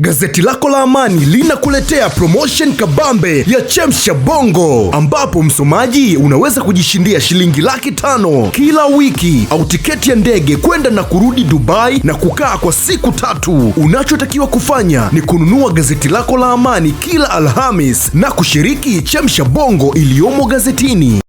Gazeti lako la Amani linakuletea promotion kabambe ya Chemsha Bongo, ambapo msomaji unaweza kujishindia shilingi laki tano kila wiki au tiketi ya ndege kwenda na kurudi Dubai na kukaa kwa siku tatu. Unachotakiwa kufanya ni kununua gazeti lako la Amani kila Alhamis na kushiriki Chemsha Bongo iliyomo gazetini.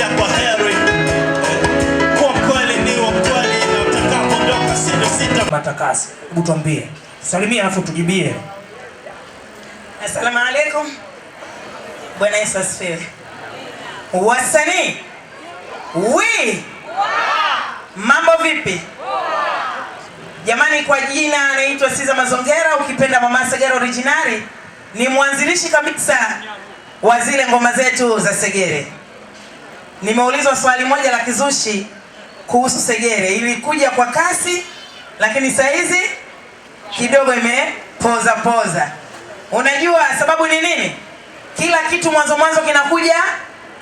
kwa heri, ni wa kweli, na utakapoondoka sita matakasi. Hebu tuambie, salimia alafu tujibie. Asalamu alaikum. Bwana Yesu asifiwe. Wasanii wi mambo vipi? Jamani, kwa jina anaitwa Siza Mazongera, ukipenda Mama Segera Originari, Ni mwanzilishi kabisa wa zile ngoma zetu za Segere. Nimeulizwa swali moja la kizushi kuhusu Segere, ilikuja kwa kasi, lakini saa hizi kidogo imepoza poza. Unajua sababu ni nini? Kila kitu mwanzo mwanzo kinakuja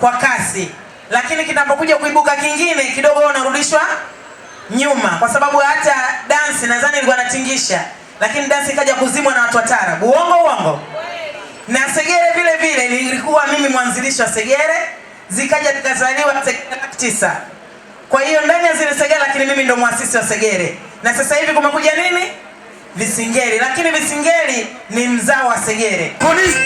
kwa kasi, lakini kinapokuja kuibuka kingine kidogo unarudishwa nyuma, kwa sababu hata dansi nadhani ilikuwa natingisha, lakini dansi ikaja kuzimwa na watu wa taarabu. Uongo uongo? Na Segere vile vile, nilikuwa mimi mwanzilishi wa Segere zikaja nikazaliwa tisa. Kwa hiyo ndani ya zile Segere, lakini mimi ndo mwasisi wa Segere na sasa hivi kumekuja nini Visingeri, lakini Visingeri ni mzao wa Segere. Polisi.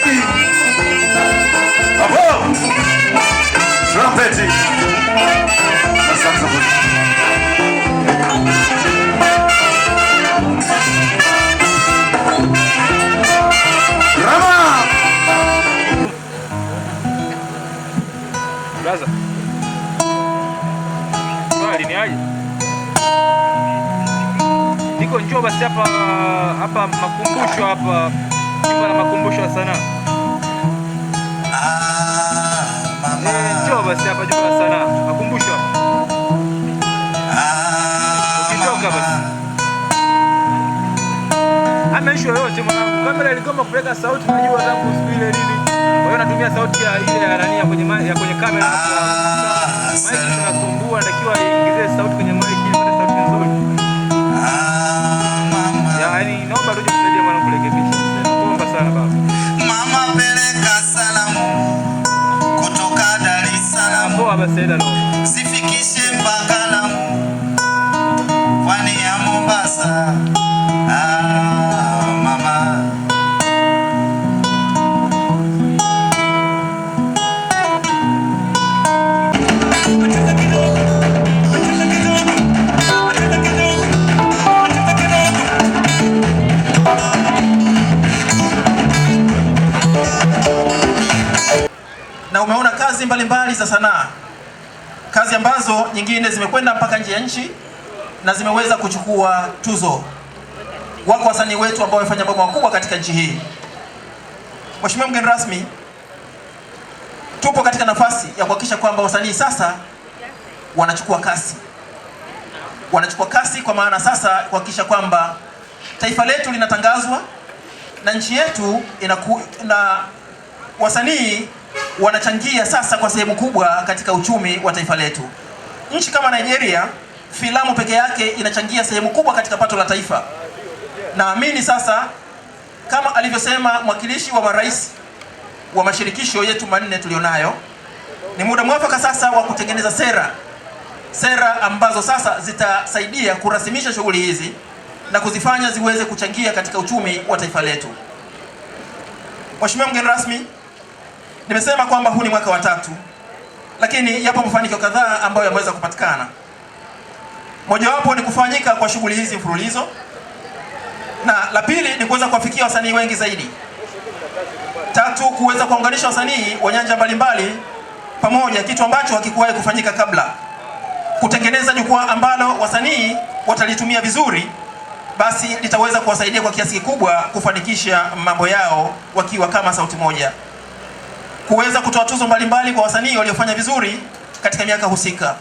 Trumpeti. unajua basi hapa hapa makumbusho hapa kuna makumbusho ya sanaa. Ah, eh, njoo basi hapa jumba la makumbusho ah, Ukitoka basi amesho yote mwanangu, kamera iligoma kupeleka sauti, najua tangu siku ile nini. Kwa hiyo natumia sauti ya ile ya nani ya kwenye kamera, ah, maiki tunasumbua, natakiwa iingize sauti kwenye Naenda zifikishe mpaka Lamu, pwani ya Mombasa. Ah, na umeona kazi mbalimbali za sanaa kazi ambazo nyingine zimekwenda mpaka nje ya nchi na zimeweza kuchukua tuzo. Wako wasanii wetu ambao wamefanya mambo makubwa katika nchi hii. Mheshimiwa mgeni rasmi, tupo katika nafasi ya kuhakikisha kwamba wasanii sasa wanachukua kasi, wanachukua kasi kwa maana sasa kuhakikisha kwamba taifa letu linatangazwa na nchi yetu inaku, na wasanii wanachangia sasa kwa sehemu kubwa katika uchumi wa taifa letu. Nchi kama Nigeria, filamu peke yake inachangia sehemu kubwa katika pato la taifa. Naamini sasa kama alivyosema mwakilishi wa marais wa mashirikisho yetu manne tulionayo, ni muda mwafaka sasa wa kutengeneza sera, sera ambazo sasa zitasaidia kurasimisha shughuli hizi na kuzifanya ziweze kuchangia katika uchumi wa taifa letu. Mheshimiwa mgeni rasmi, Nimesema kwamba huu ni mwaka wa tatu, lakini yapo mafanikio kadhaa ambayo yameweza kupatikana. Mojawapo ni kufanyika kwa shughuli hizi mfululizo, na la pili ni kuweza kuwafikia wasanii wengi zaidi. Tatu, kuweza kuunganisha wasanii wa nyanja mbalimbali pamoja, kitu ambacho hakikuwahi kufanyika kabla, kutengeneza jukwaa ambalo wasanii watalitumia vizuri, basi litaweza kuwasaidia kwa kiasi kikubwa kufanikisha mambo yao wakiwa kama sauti moja kuweza kutoa tuzo mbalimbali kwa wasanii waliofanya vizuri katika miaka husika.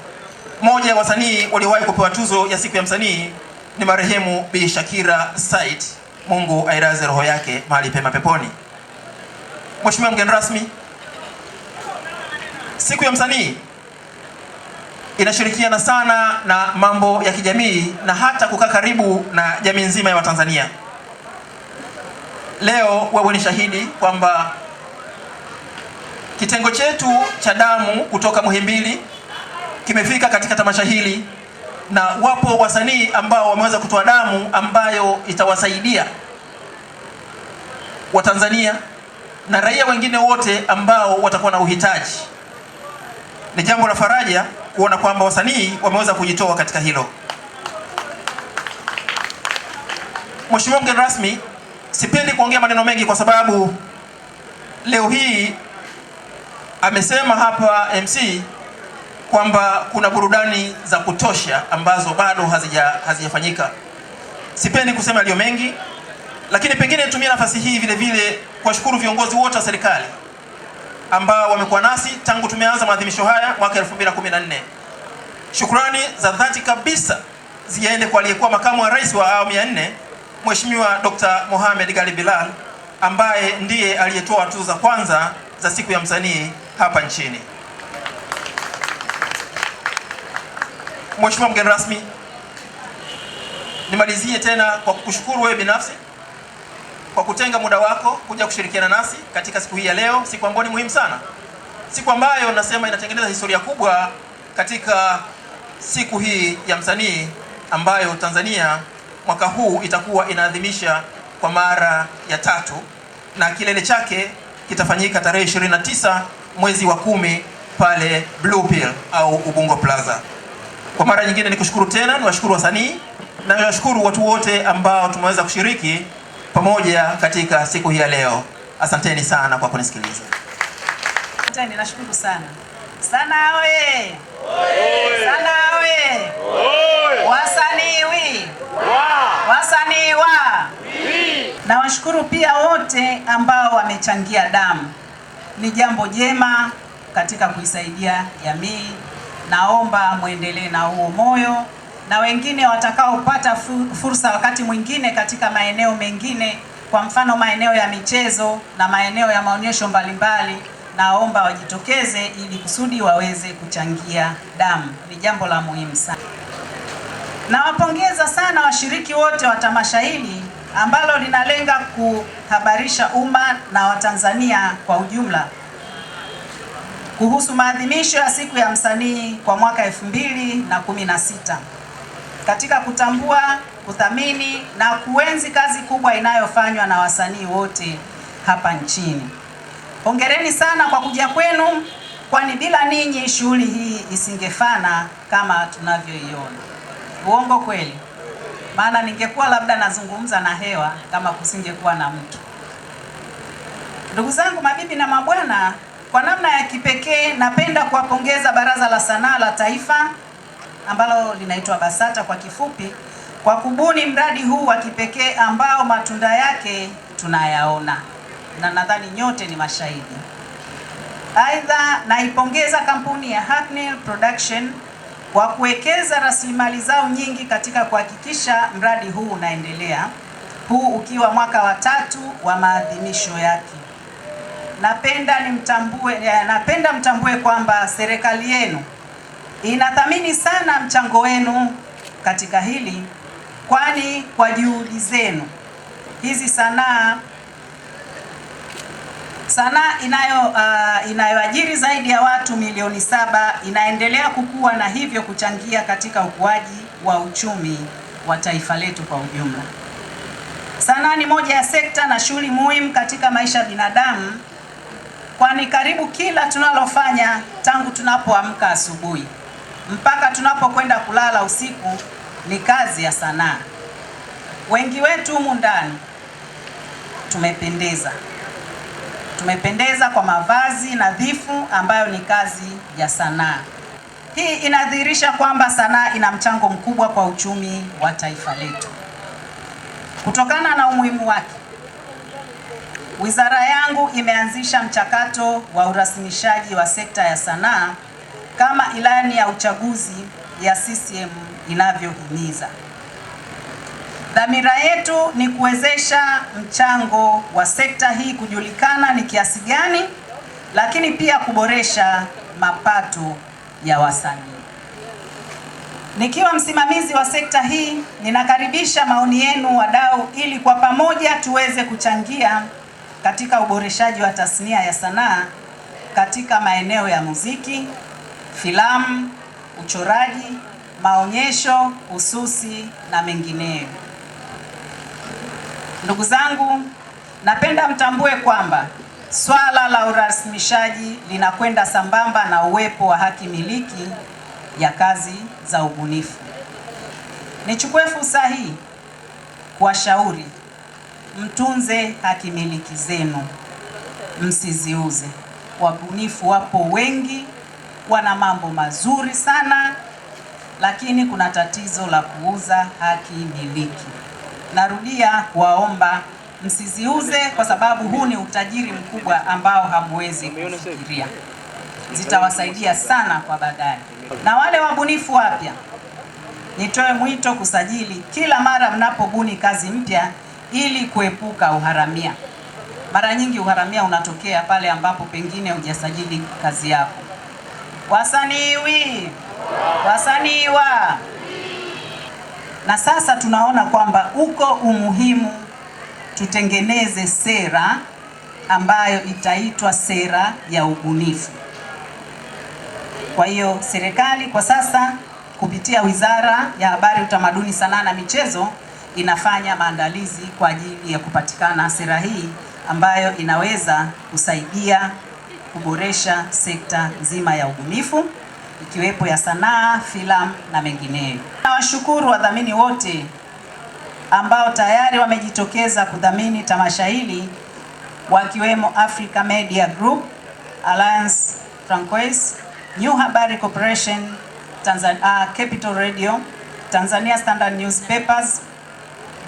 Moja ya wasanii waliowahi kupewa tuzo ya siku ya msanii ni marehemu Bi Shakira Said, Mungu ailaze roho yake mahali pema peponi. Mheshimiwa mgeni rasmi, siku ya msanii inashirikiana sana na mambo ya kijamii na hata kukaa karibu na jamii nzima ya Watanzania. Leo wewe ni shahidi kwamba Kitengo chetu cha damu kutoka Muhimbili kimefika katika tamasha hili na wapo wasanii ambao wameweza kutoa damu ambayo itawasaidia Watanzania na raia wengine wote ambao watakuwa na uhitaji. Ni jambo la faraja kuona kwamba wasanii wameweza kujitoa katika hilo. Mheshimiwa mgeni rasmi, sipendi kuongea maneno mengi kwa sababu leo hii amesema hapa MC kwamba kuna burudani za kutosha ambazo bado hazija hazijafanyika. Sipendi kusema aliyo mengi, lakini pengine nitumie nafasi hii vile vile kuwashukuru viongozi wote wa serikali ambao wamekuwa nasi tangu tumeanza maadhimisho haya mwaka 2014. Shukrani za dhati kabisa ziende kwa aliyekuwa makamu wa rais wa awamu ya nne Mheshimiwa Dr. Mohamed Gali Bilal ambaye ndiye aliyetoa tuzo za kwanza za siku ya msanii hapa nchini. Mheshimiwa mgeni rasmi, nimalizie tena kwa kukushukuru wewe binafsi kwa kutenga muda wako kuja kushirikiana nasi katika siku hii ya leo, siku ambayo ni muhimu sana, siku ambayo nasema inatengeneza historia kubwa katika siku hii ya msanii ambayo Tanzania mwaka huu itakuwa inaadhimisha kwa mara ya tatu na kilele chake kitafanyika tarehe 29 mwezi wa kumi pale Blue Pill au Ubungo Plaza. Kwa mara nyingine ni kushukuru tena, ni washukuru wasanii na niwashukuru watu wote ambao tumeweza kushiriki pamoja katika siku hii ya leo. Asanteni sana kwa kunisikiliza. Asanteni, nashukuru sana. Sana oye. Sana oye. Wasanii wi. Wasanii wa. Na washukuru pia wote ambao wamechangia damu ni jambo jema katika kuisaidia jamii. Naomba muendelee na huo moyo, na wengine watakaopata fursa wakati mwingine katika maeneo mengine, kwa mfano maeneo ya michezo na maeneo ya maonyesho mbalimbali, naomba wajitokeze ili kusudi waweze kuchangia damu. Ni jambo la muhimu sana. Nawapongeza sana washiriki wote wa tamasha hili ambalo linalenga kuhabarisha umma na Watanzania kwa ujumla kuhusu maadhimisho ya siku ya msanii kwa mwaka 2016 katika kutambua, kuthamini na kuenzi kazi kubwa inayofanywa na wasanii wote hapa nchini. Hongereni sana kwa kuja kwenu, kwani bila ninyi shughuli hii isingefana kama tunavyoiona. Uongo kweli? maana ningekuwa labda nazungumza na hewa kama kusingekuwa na mtu. Ndugu zangu, mabibi na mabwana, kwa namna ya kipekee napenda kuwapongeza Baraza la Sanaa la Taifa ambalo linaitwa BASATA kwa kifupi, kwa kubuni mradi huu wa kipekee ambao matunda yake tunayaona na nadhani nyote ni mashahidi. Aidha, naipongeza kampuni ya Hackney Production kwa kuwekeza rasilimali zao nyingi katika kuhakikisha mradi huu unaendelea, huu ukiwa mwaka wa tatu wa maadhimisho yake. Napenda nimtambue, napenda mtambue kwamba serikali yenu inathamini sana mchango wenu katika hili, kwani kwa juhudi zenu hizi sanaa sanaa inayo uh, inayoajiri zaidi ya watu milioni saba inaendelea kukua na hivyo kuchangia katika ukuaji wa uchumi wa taifa letu kwa ujumla. Sanaa ni moja ya sekta na shughuli muhimu katika maisha ya binadamu, kwani karibu kila tunalofanya tangu tunapoamka asubuhi mpaka tunapokwenda kulala usiku ni kazi ya sanaa. Wengi wetu humu ndani tumependeza tumependeza kwa mavazi nadhifu ambayo ni kazi ya sanaa. Hii inadhihirisha kwamba sanaa ina mchango mkubwa kwa uchumi wa taifa letu. Kutokana na umuhimu wake, wizara yangu imeanzisha mchakato wa urasimishaji wa sekta ya sanaa kama ilani ya uchaguzi ya CCM inavyohimiza. Dhamira yetu ni kuwezesha mchango wa sekta hii kujulikana ni kiasi gani, lakini pia kuboresha mapato ya wasanii. Nikiwa msimamizi wa sekta hii, ninakaribisha maoni yenu wadau, ili kwa pamoja tuweze kuchangia katika uboreshaji wa tasnia ya sanaa katika maeneo ya muziki, filamu, uchoraji, maonyesho, ususi na mengineyo. Ndugu zangu, napenda mtambue kwamba swala la urasimishaji linakwenda sambamba na uwepo wa haki miliki ya kazi za ubunifu. Nichukue fursa hii kuwashauri mtunze haki miliki zenu, msiziuze. Wabunifu wapo wengi, wana mambo mazuri sana, lakini kuna tatizo la kuuza haki miliki narudia kuwaomba msiziuze, kwa sababu huu ni utajiri mkubwa ambao hamwezi kufikiria. Zitawasaidia sana kwa baadaye. Na wale wabunifu wapya, nitoe mwito kusajili kila mara mnapobuni kazi mpya ili kuepuka uharamia. Mara nyingi uharamia unatokea pale ambapo pengine hujasajili kazi yako. Wasanii wi wasanii wa na sasa tunaona kwamba uko umuhimu tutengeneze sera ambayo itaitwa sera ya ubunifu. Kwa hiyo serikali kwa sasa kupitia Wizara ya Habari, Utamaduni, Sanaa na Michezo inafanya maandalizi kwa ajili ya kupatikana sera hii ambayo inaweza kusaidia kuboresha sekta nzima ya ubunifu ikiwepo ya sanaa, filamu na mengineyo. Nawashukuru wadhamini wote ambao tayari wamejitokeza kudhamini tamasha hili wakiwemo Africa Media Group, Alliance Francaise, New Habari Corporation, Tanzania, uh, Capital Radio, Tanzania Standard Newspapers,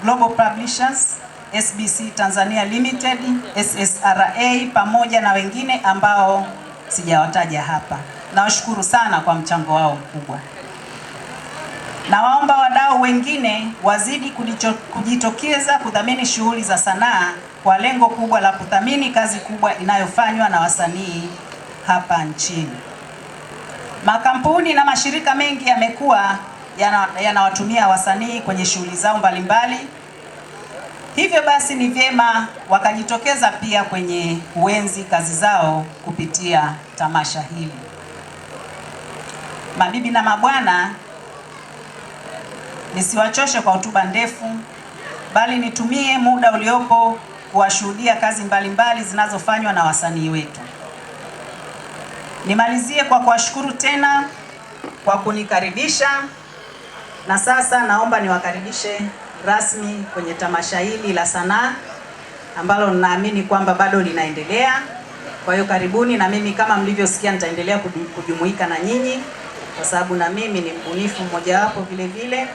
Global Publishers, SBC Tanzania Limited, SSRA pamoja na wengine ambao sijawataja hapa. Nawashukuru sana kwa mchango wao mkubwa. Nawaomba wadau wengine wazidi kujitokeza kudhamini shughuli za sanaa kwa lengo kubwa la kudhamini kazi kubwa inayofanywa na wasanii hapa nchini. Makampuni na mashirika mengi yamekuwa yanawatumia yana wasanii kwenye shughuli zao mbalimbali Hivyo basi ni vyema wakajitokeza pia kwenye kuenzi kazi zao kupitia tamasha hili. Mabibi na mabwana, nisiwachoshe kwa hotuba ndefu, bali nitumie muda uliopo kuwashuhudia kazi mbalimbali zinazofanywa na wasanii wetu. Nimalizie kwa kuwashukuru tena kwa kunikaribisha, na sasa naomba niwakaribishe rasmi kwenye tamasha hili la sanaa ambalo ninaamini kwamba bado linaendelea. Kwa hiyo karibuni, na mimi kama mlivyosikia nitaendelea kujumuika na nyinyi kwa sababu na mimi ni mbunifu mmojawapo vile vile.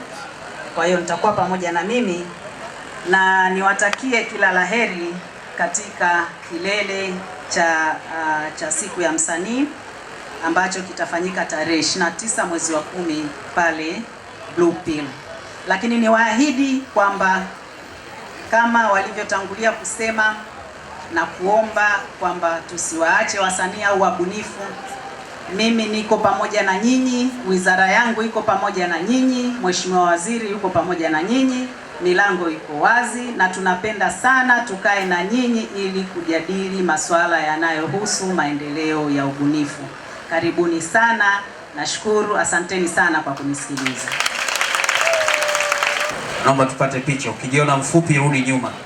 Kwa hiyo nitakuwa pamoja na mimi na niwatakie kila laheri katika kilele cha uh, cha siku ya msanii ambacho kitafanyika tarehe 29 mwezi wa kumi pale Blue Pill. Lakini niwaahidi kwamba kama walivyotangulia kusema na kuomba kwamba tusiwaache wasanii au wabunifu mimi niko pamoja na nyinyi, wizara yangu iko pamoja na nyinyi, mheshimiwa waziri yuko pamoja na nyinyi, milango iko wazi, na tunapenda sana tukae na nyinyi ili kujadili masuala yanayohusu maendeleo ya ubunifu. Karibuni sana, nashukuru, asanteni sana kwa kunisikiliza. Naomba tupate picha, ukijiona mfupi rudi nyuma.